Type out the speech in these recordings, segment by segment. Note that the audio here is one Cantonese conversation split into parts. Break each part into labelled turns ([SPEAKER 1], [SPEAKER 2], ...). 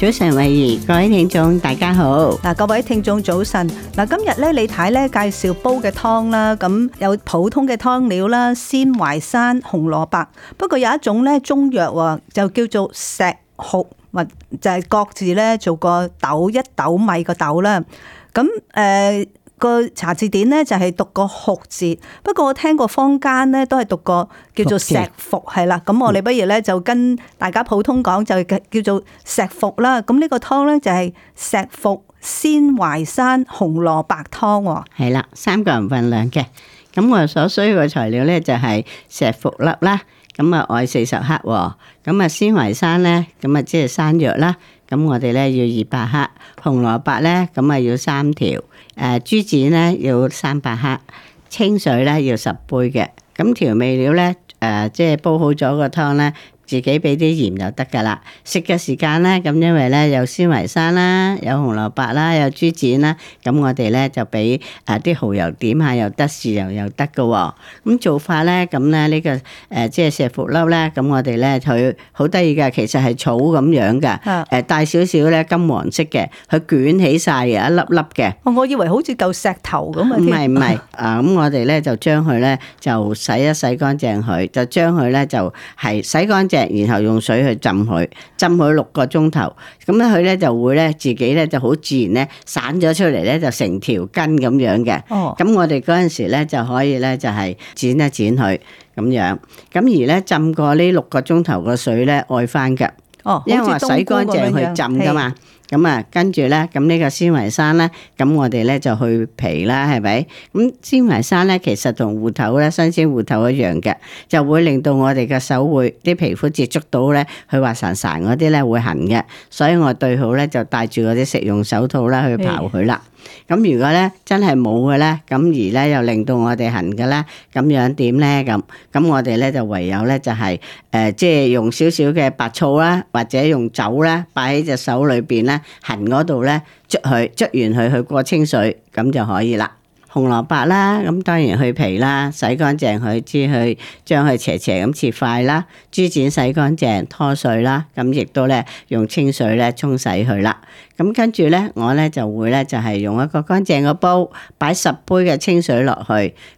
[SPEAKER 1] 早晨，慧怡，各位聽眾大家好。嗱，各位聽眾早晨。嗱，今日咧李太咧介紹煲嘅湯啦，咁有普通嘅湯料啦，鮮淮山、紅蘿蔔。不過有一種咧中藥，就叫做石斛，或就係、是、角字咧，做個斗，一斗米個斗啦。咁誒。呃個查字典咧就係讀個學字，不過我聽過坊間咧都係讀個叫做石服的，係啦。咁我哋不如咧就跟大家普通講就叫做石服啦。咁呢個湯咧就係石服鮮淮山紅蘿蔔湯。
[SPEAKER 2] 係啦，三個人份量嘅。咁我所需要嘅材料咧就係石服粒啦，咁啊外四十克。咁啊鮮淮山咧，咁啊即係山藥啦。咁我哋咧要二百克紅蘿蔔咧，咁啊要三條。誒豬展咧要三百克，清水咧要十杯嘅，咁調味料咧誒，即係煲好咗個湯咧。自己俾啲鹽就得噶啦，食嘅時間咧，咁因為咧有鮮淮山啦，有紅蘿蔔啦，有豬展啦，咁我哋咧就俾誒啲蠔油點下又得，豉油又得嘅喎。咁做法咧，咁咧呢個誒、呃、即係石斛粒咧，咁我哋咧佢好得意嘅，其實係草咁樣嘅，誒、啊呃、大少少咧金黃色嘅，佢捲起晒，嘅一粒粒嘅。我以為好似嚿石頭咁啊！唔係唔係啊！咁我哋咧就將佢咧就洗一洗乾淨佢，就將佢咧就係洗乾淨。然後用水去浸佢，浸佢六個鐘頭，咁咧佢咧就會咧自己咧就好自然咧散咗出嚟咧，就成條根咁樣嘅。哦，咁我哋嗰陣時咧就可以咧就係剪一剪佢咁樣，咁而咧浸過呢六個鐘頭個水咧，愛返嘅。因為洗乾淨去浸㗎嘛，咁啊、哦、跟住咧，咁呢個鮮淮山咧，咁我哋咧就去皮啦，係咪？咁鮮淮山咧，其實同芋頭咧，新鮮芋頭一樣嘅，就會令到我哋嘅手會啲皮膚接觸到咧，佢滑潺潺嗰啲咧會痕嘅，所以我對好咧就戴住嗰啲食用手套啦去刨佢啦。咁如果咧真係冇嘅咧，咁而咧又令到我哋痕嘅咧，咁樣點咧咁？咁我哋咧就唯有咧就係、是、誒、呃，即係用少少嘅白醋啦，或者用酒啦，擺喺隻手裏邊咧，痕嗰度咧捽佢，捽完佢去過清水，咁就可以啦。紅蘿蔔啦，咁當然去皮啦，洗乾淨佢，至去將佢斜斜咁切塊啦，豬展洗乾淨，拖水啦，咁亦都咧用清水咧沖洗佢啦。咁跟住咧，我咧就會咧就係用一個乾淨嘅煲，擺十杯嘅清水落去，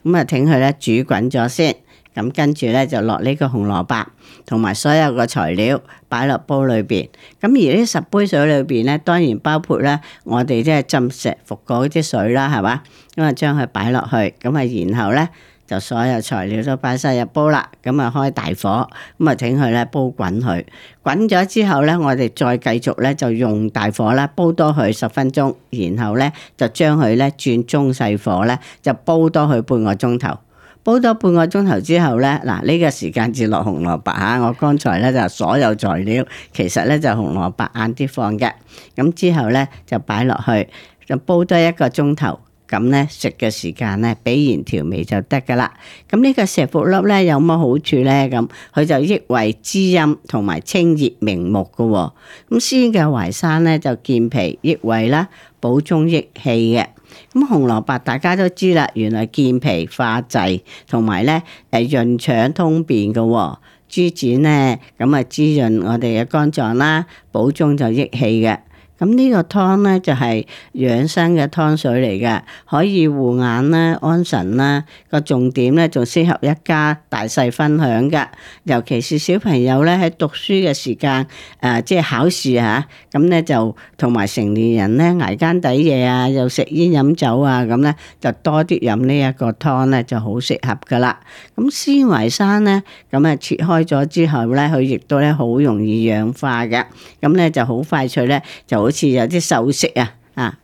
[SPEAKER 2] 咁啊等佢咧煮滾咗先。咁跟住咧就落呢個紅蘿蔔，同埋所有嘅材料擺落煲裏邊。咁而呢十杯水裏邊咧，當然包括咧我哋即係浸石服果啲水啦，係嘛。咁啊將佢擺落去，咁啊然後咧就所有材料都擺晒入煲啦。咁啊開大火，咁啊請佢咧煲滾佢。滾咗之後咧，我哋再繼續咧就用大火啦煲多佢十分鐘，然後咧就將佢咧轉中細火咧就煲多佢半個鐘頭。煲多半個鐘頭之後呢，嗱呢、呢個時間至落紅蘿蔔吓，我剛才呢，就所有材料，其實呢就紅蘿蔔晏啲放嘅，咁之後呢，就擺落去，就煲多一個鐘頭，咁呢，食嘅時間呢，俾鹽調味就得噶啦。咁、這、呢個石斛粒呢，有乜好處呢？咁佢就益胃滋陰，同埋清熱明目嘅，哦。咁鮮嘅淮山呢，就健脾益胃啦，補中益氣嘅。咁紅蘿蔔大家都知啦，原來健脾化滯，同埋咧誒潤腸通便嘅哦。豬展咧，咁啊滋潤我哋嘅肝臟啦，補中就益氣嘅。咁呢個湯咧就係、是、養生嘅湯水嚟㗎，可以護眼啦、安神啦。個重點咧仲適合一家大細分享噶，尤其是小朋友咧喺讀書嘅時間，誒、呃、即係考試嚇、啊，咁、嗯、咧就同埋成年人咧捱更抵夜啊，又食煙飲酒啊，咁、嗯、咧就多啲飲呢一個湯咧就好適合噶啦。咁、嗯、鮮淮山咧，咁啊切開咗之後咧，佢亦都咧好容易氧化㗎，咁、嗯、咧就好快脆咧就。好似有啲鏽色啊，啊，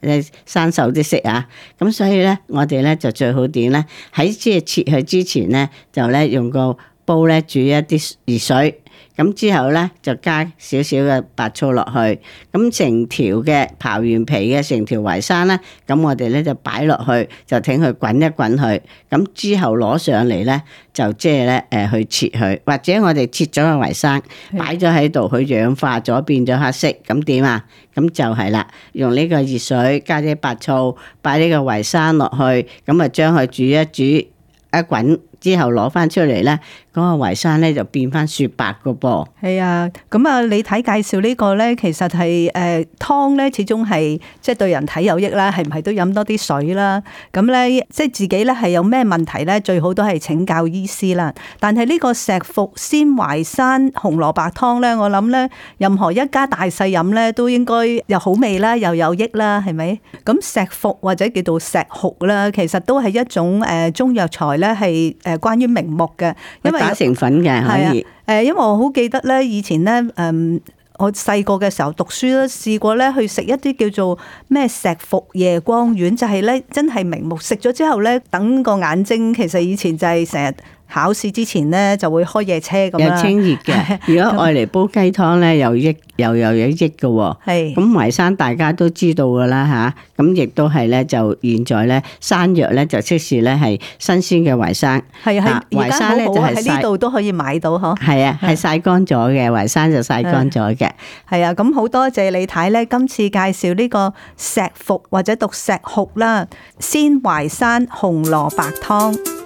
[SPEAKER 2] 生鏽啲色啊，咁所以咧，我哋咧就最好點咧，喺即係切佢之前咧，就咧用個煲咧煮一啲熱水。咁之後咧就加少少嘅白醋落去，咁成條嘅刨完皮嘅成條淮山咧，咁我哋咧就擺落去，就請佢滾一滾佢，咁之後攞上嚟咧，就即係咧誒去切佢，或者我哋切咗個淮山，擺咗喺度佢氧化咗變咗黑色，咁點啊？咁就係啦，用呢個熱水加啲白醋，擺呢個淮山落去，咁啊將佢煮一煮一滾。之後攞翻出嚟咧，嗰、那個淮山咧就變翻雪白噶噃。
[SPEAKER 1] 係啊，咁啊，你睇介紹呢、這個咧，其實係誒、呃、湯咧，始終係即係對人體有益啦。係唔係都飲多啲水啦？咁咧，即係自己咧係有咩問題咧，最好都係請教醫師啦。但係呢個石斛鮮淮山紅蘿蔔湯咧，我諗咧，任何一家大細飲咧，都應該又好味啦，又有益啦，係咪？咁石斛或者叫做石斛啦，其實都係一種誒中藥材咧，係誒。關於明目嘅，因為打成
[SPEAKER 2] 粉嘅可以。
[SPEAKER 1] 誒，因為我好記得咧，以前咧，誒，我細個嘅時候讀書咧，試過咧去食一啲叫做咩石斛夜光丸，就係咧真係明目。食咗之後咧，等個眼睛其實以前就係成日。考試之前咧就會開夜車咁啊， 有清
[SPEAKER 2] 熱嘅。如果愛嚟煲雞湯咧，又益又又有益嘅。係咁淮山大家都知道噶啦吓，咁、啊、亦都係咧就現在咧山藥咧就即係咧係新鮮嘅淮山。係啊係，淮山咧就喺呢度
[SPEAKER 1] 都可以買到嗬。係
[SPEAKER 2] 啊，係晒乾咗嘅淮山就晒乾咗嘅。係啊，咁好
[SPEAKER 1] 多謝你睇咧，今次介紹呢個石服，或者讀石斛啦，鮮淮山紅蘿蔔湯。